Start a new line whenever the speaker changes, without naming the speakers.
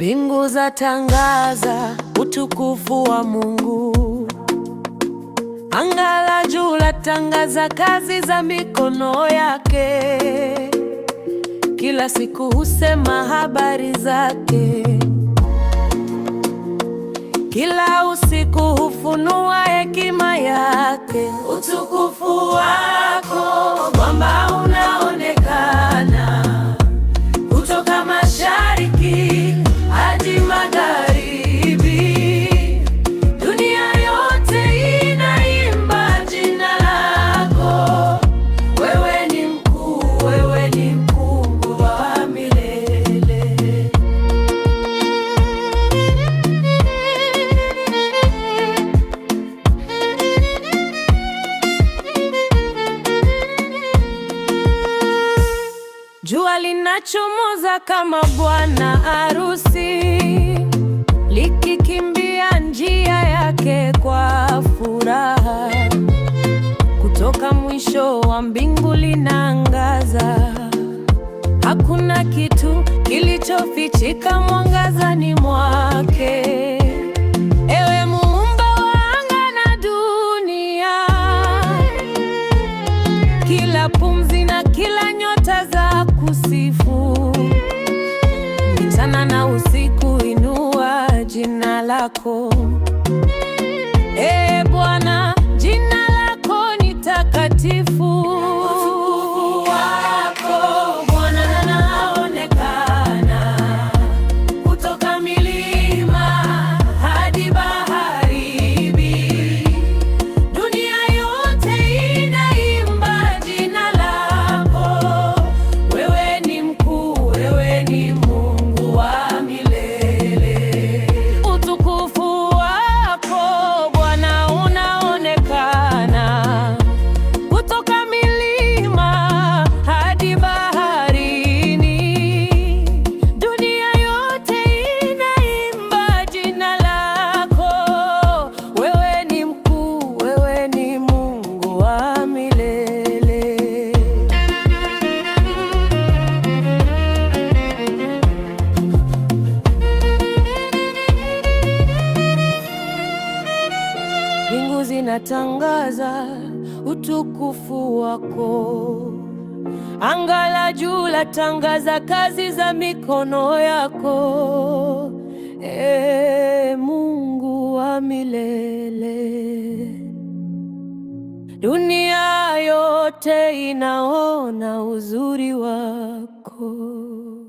Mbingu zatangaza utukufu wa Mungu, anga la juu latangaza kazi za mikono yake. Kila siku husema habari zake, kila usiku hufunua hekima yake.
Utukufu wako Bwana unaonekana
jua linachomoza kama bwana harusi likikimbia njia yake kwa furaha, kutoka mwisho wa mbingu linaangaza. Hakuna kitu kilichofichika mwangazani mwake. Ewe na dunia, kila pumzi na mchana na usiku, inua jina lako e Bwana, jina lako ni takatifu. zinatangaza utukufu wako, anga la juu latangaza kazi za mikono yako. E, Mungu wa milele, dunia yote inaona uzuri wako.